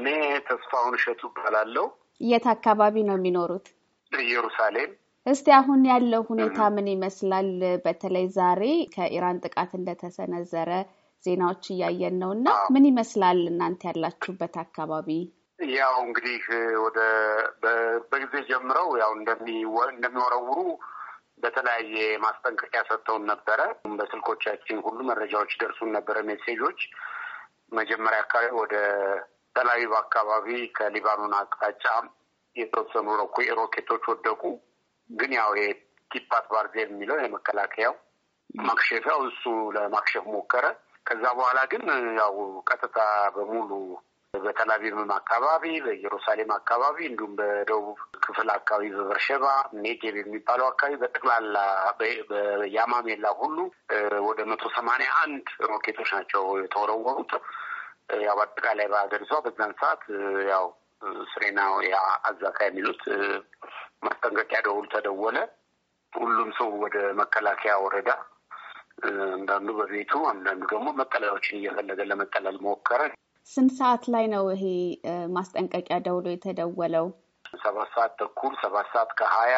እኔ ተስፋውን እሸቱ እባላለሁ። የት አካባቢ ነው የሚኖሩት? ኢየሩሳሌም። እስቲ አሁን ያለው ሁኔታ ምን ይመስላል? በተለይ ዛሬ ከኢራን ጥቃት እንደተሰነዘረ ዜናዎች እያየን ነው እና ምን ይመስላል እናንተ ያላችሁበት አካባቢ? ያው እንግዲህ ወደ በጊዜ ጀምረው ያው እንደሚወረውሩ በተለያየ ማስጠንቀቂያ ሰጥተውን ነበረ። በስልኮቻችን ሁሉ መረጃዎች ደርሱን ነበረ ሜሴጆች መጀመሪያ አካባቢ ወደ ተላዊብ አካባቢ ከሊባኖን አቅጣጫ የተወሰኑ ሮኬቶች ወደቁ። ግን ያው የቲፓት ባርዜል የሚለው የመከላከያው ማክሸፊያው እሱ ለማክሸፍ ሞከረ። ከዛ በኋላ ግን ያው ቀጥታ በሙሉ በተላቪቭም አካባቢ በኢየሩሳሌም አካባቢ እንዲሁም በደቡብ ክፍል አካባቢ በበርሸባ ኔጌብ የሚባለው አካባቢ በጠቅላላ በያማሜላ ሁሉ ወደ መቶ ሰማንያ አንድ ሮኬቶች ናቸው የተወረወሩት። ያው በአጠቃላይ በሀገሪቷ በዛን ሰዓት ያው ስሬናው ያ አዛካ የሚሉት ማስጠንቀቂያ ደውል ተደወለ። ሁሉም ሰው ወደ መከላከያ ወረዳ፣ አንዳንዱ በቤቱ አንዳንዱ ደግሞ መጠለያዎችን እየፈለገ ለመጠለል ሞከረ። ስንት ሰዓት ላይ ነው ይሄ ማስጠንቀቂያ ደውሎ የተደወለው? ሰባት ሰዓት ተኩል ሰባት ሰዓት ከሀያ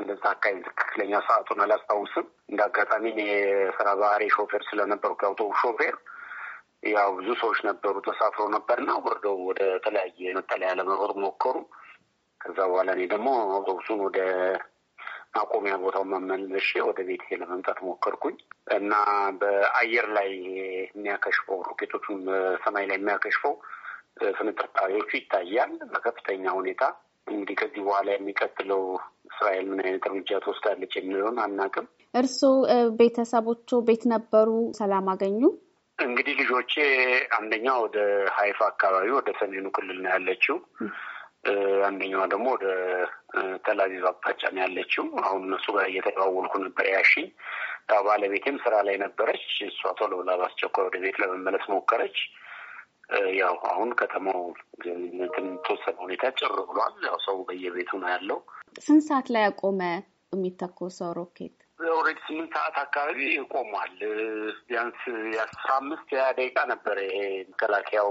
እንደዛ አካባቢ ትክክለኛ ሰዓቱን አላስታውስም። እንደ አጋጣሚ የስራ ባህሪ ሾፌር ስለነበርኩ የአውቶቡስ ሾፌር ያው ብዙ ሰዎች ነበሩ ተሳፍረው ነበርና ወርደው ወደ ተለያየ መጠለያ ለመኖር ሞከሩ። ከዛ በኋላ እኔ ደግሞ አውቶቡሱን ወደ ማቆሚያ ቦታው መመለሽ ወደ ቤት ለመምጣት ሞከርኩኝ እና በአየር ላይ የሚያከሽፈው ሮኬቶቹን ሰማይ ላይ የሚያከሽፈው ፍንጥርጣሪዎቹ ይታያል በከፍተኛ ሁኔታ። እንግዲህ ከዚህ በኋላ የሚቀጥለው እስራኤል ምን አይነት እርምጃ ትወስዳለች የሚለውን አናውቅም። እርስዎ ቤተሰቦቹ ቤት ነበሩ? ሰላም አገኙ? እንግዲህ ልጆቼ አንደኛ ወደ ሀይፋ አካባቢ ወደ ሰሜኑ ክልል ነው ያለችው። አንደኛዋ ደግሞ ወደ ተላቪቭ አቅጣጫ ነው ያለችው። አሁን እነሱ ጋር እየተደዋወልኩ ነበር ያሽኝ። ባለቤቴም ስራ ላይ ነበረች። እሷ ቶሎ ብላ በአስቸኳይ ወደ ቤት ለመመለስ ሞከረች። ያው አሁን ከተማው ተወሰነ ሁኔታ ጭር ብሏል። ያው ሰው በየቤቱ ነው ያለው። ስንት ሰዓት ላይ ያቆመ የሚተኮሰው ሮኬት? ኦልሬዲ ስምንት ሰዓት አካባቢ ቆሟል። ቢያንስ የአስራ አምስት ያ ደቂቃ ነበረ ይሄ መከላከያው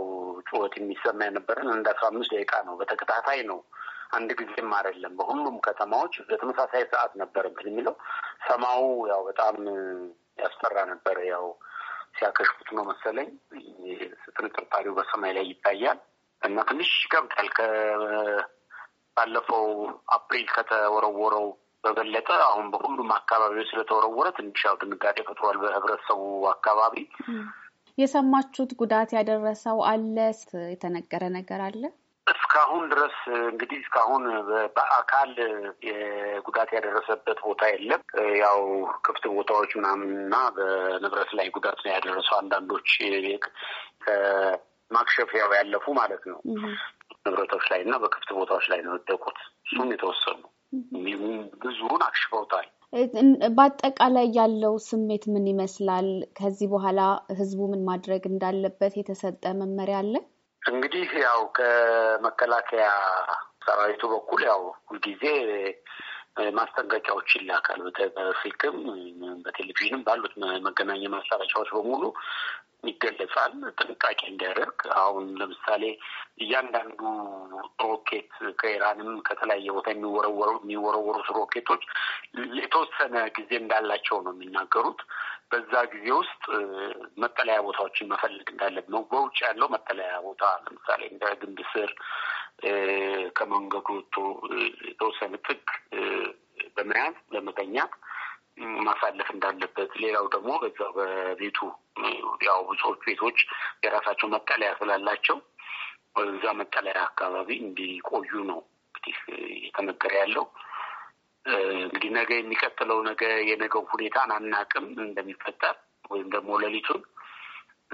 ጩኸት የሚሰማ የነበረን እንደ አስራ አምስት ደቂቃ ነው። በተከታታይ ነው አንድ ጊዜም አይደለም። በሁሉም ከተማዎች በተመሳሳይ ሰዓት ነበረ እንትን የሚለው ሰማው ያው በጣም ያስፈራ ነበረ። ያው ሲያከሽኩት ነው መሰለኝ ጥንጥርጣሪው በሰማይ ላይ ይታያል እና ትንሽ ይከብዳል ከባለፈው አፕሪል ከተወረወረው በበለጠ አሁን በሁሉም አካባቢዎች ስለተወረወረ ትንሽ ያው ድንጋጤ ፈጥሯል በህብረተሰቡ አካባቢ። የሰማችሁት ጉዳት ያደረሰው አለ? የተነገረ ነገር አለ? እስካሁን ድረስ እንግዲህ እስካሁን በአካል ጉዳት ያደረሰበት ቦታ የለም። ያው ክፍት ቦታዎች ምናምን በንብረት ላይ ጉዳት ነው ያደረሱ አንዳንዶች ከማክሸፊያው ያለፉ ማለት ነው ንብረቶች ላይ እና በክፍት ቦታዎች ላይ ነው የወደቁት እሱም የተወሰኑ ብዙውን አክሽፈውታል። በአጠቃላይ ያለው ስሜት ምን ይመስላል? ከዚህ በኋላ ህዝቡ ምን ማድረግ እንዳለበት የተሰጠ መመሪያ አለ? እንግዲህ ያው ከመከላከያ ሰራዊቱ በኩል ያው ሁልጊዜ ማስጠንቀቂያዎች ይላካል። በስልክም በቴሌቪዥንም ባሉት መገናኛ ማሰራጫዎች በሙሉ ይገለጻል። ጥንቃቄ እንዲያደርግ። አሁን ለምሳሌ እያንዳንዱ ሮኬት ከኢራንም ከተለያየ ቦታ የሚወረወሩ የሚወረወሩት ሮኬቶች የተወሰነ ጊዜ እንዳላቸው ነው የሚናገሩት። በዛ ጊዜ ውስጥ መጠለያ ቦታዎችን መፈለግ እንዳለብን ነው። በውጭ ያለው መጠለያ ቦታ ለምሳሌ እንደ ግንብ ስር ከመንገዱ ወጥቶ የተወሰነ ጥግ በመያዝ ለመተኛት ማሳለፍ እንዳለበት፣ ሌላው ደግሞ በዛው በቤቱ ያው ብዙዎቹ ቤቶች የራሳቸው መጠለያ ስላላቸው እዛ መጠለያ አካባቢ እንዲቆዩ ነው እንግዲህ እየተነገረ ያለው። እንግዲህ ነገ የሚቀጥለው ነገ የነገው ሁኔታን አናቅም እንደሚፈጠር ወይም ደግሞ ሌሊቱን።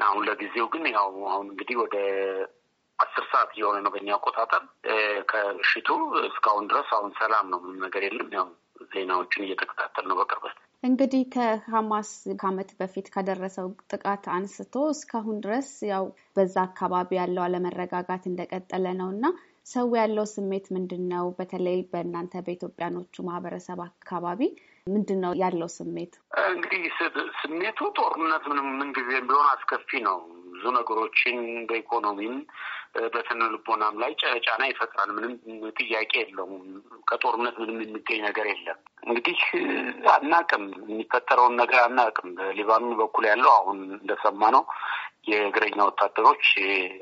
አሁን ለጊዜው ግን ያው አሁን እንግዲህ ወደ አስር ሰዓት እየሆነ ነው በእኛ አቆጣጠር ከምሽቱ እስካሁን ድረስ አሁን ሰላም ነው፣ ምንም ነገር የለም። ያው ዜናዎችን እየተከታተል ነው በቅርበት እንግዲህ ከሐማስ ከዓመት በፊት ከደረሰው ጥቃት አንስቶ እስካሁን ድረስ ያው በዛ አካባቢ ያለው አለመረጋጋት እንደቀጠለ ነው እና ሰው ያለው ስሜት ምንድን ነው? በተለይ በእናንተ በኢትዮጵያኖቹ ማህበረሰብ አካባቢ ምንድን ነው ያለው ስሜት? እንግዲህ ስሜቱ ጦርነት ምን ጊዜም ቢሆን አስከፊ ነው። ብዙ ነገሮችን በኢኮኖሚም በስነ ልቦናም ላይ ጫና ይፈጥራል። ምንም ጥያቄ የለውም። ከጦርነት ምንም የሚገኝ ነገር የለም። እንግዲህ አናቅም፣ የሚፈጠረውን ነገር አናቅም። በሊባኖን በኩል ያለው አሁን እንደሰማ ነው የእግረኛ ወታደሮች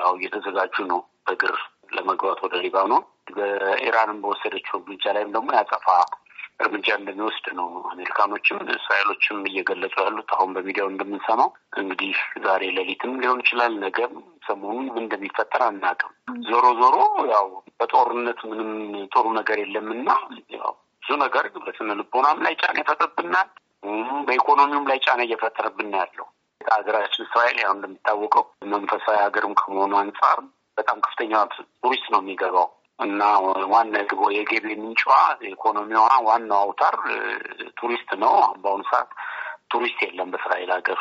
ያው እየተዘጋጁ ነው በግር? ለመግባት ወደ ሊባኖን በኢራንም በወሰደችው እርምጃ ላይም ደግሞ ያጸፋ እርምጃ እንደሚወስድ ነው አሜሪካኖችም እስራኤሎችም እየገለጹ ያሉት። አሁን በሚዲያው እንደምንሰማው እንግዲህ ዛሬ ሌሊትም ሊሆን ይችላል፣ ነገ ሰሞኑን ምን እንደሚፈጠር አናውቅም። ዞሮ ዞሮ ያው በጦርነት ምንም ጥሩ ነገር የለምና ያው ብዙ ነገር በስነ ልቦናም ላይ ጫና ይፈጥርብናል፣ በኢኮኖሚውም ላይ ጫና እየፈጠረብን ያለው ሀገራችን እስራኤል ያው እንደሚታወቀው መንፈሳዊ ሀገርም ከመሆኑ አንጻር በጣም ከፍተኛ ቱሪስት ነው የሚገባው እና ዋና የገቢ ምንጯ ኢኮኖሚዋ ዋናው አውታር ቱሪስት ነው። በአሁኑ ሰዓት ቱሪስት የለም በእስራኤል ሀገር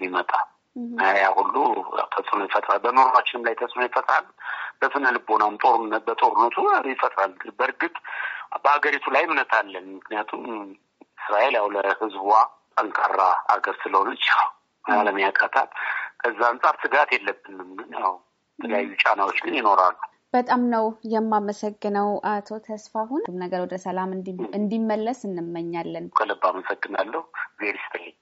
ቢመጣ ያ ሁሉ ተጽዕኖ ይፈጥራል። በኑሯችንም ላይ ተጽዕኖ ይፈጥራል። በስነ ልቦናም ጦርነት በጦርነቱ ይፈጥራል። በእርግጥ በሀገሪቱ ላይ እምነት አለን። ምክንያቱም እስራኤል ያው ለህዝቧ ጠንካራ ሀገር ስለሆነች ያው አለሚያካታት ከዛ አንጻር ስጋት የለብንም ግን ያው የተለያዩ ጫናዎች ግን ይኖራሉ። በጣም ነው የማመሰግነው አቶ ተስፋሁን። ነገር ወደ ሰላም እንዲመለስ እንመኛለን። ከልብ አመሰግናለሁ። ዜር ይስጥልኝ።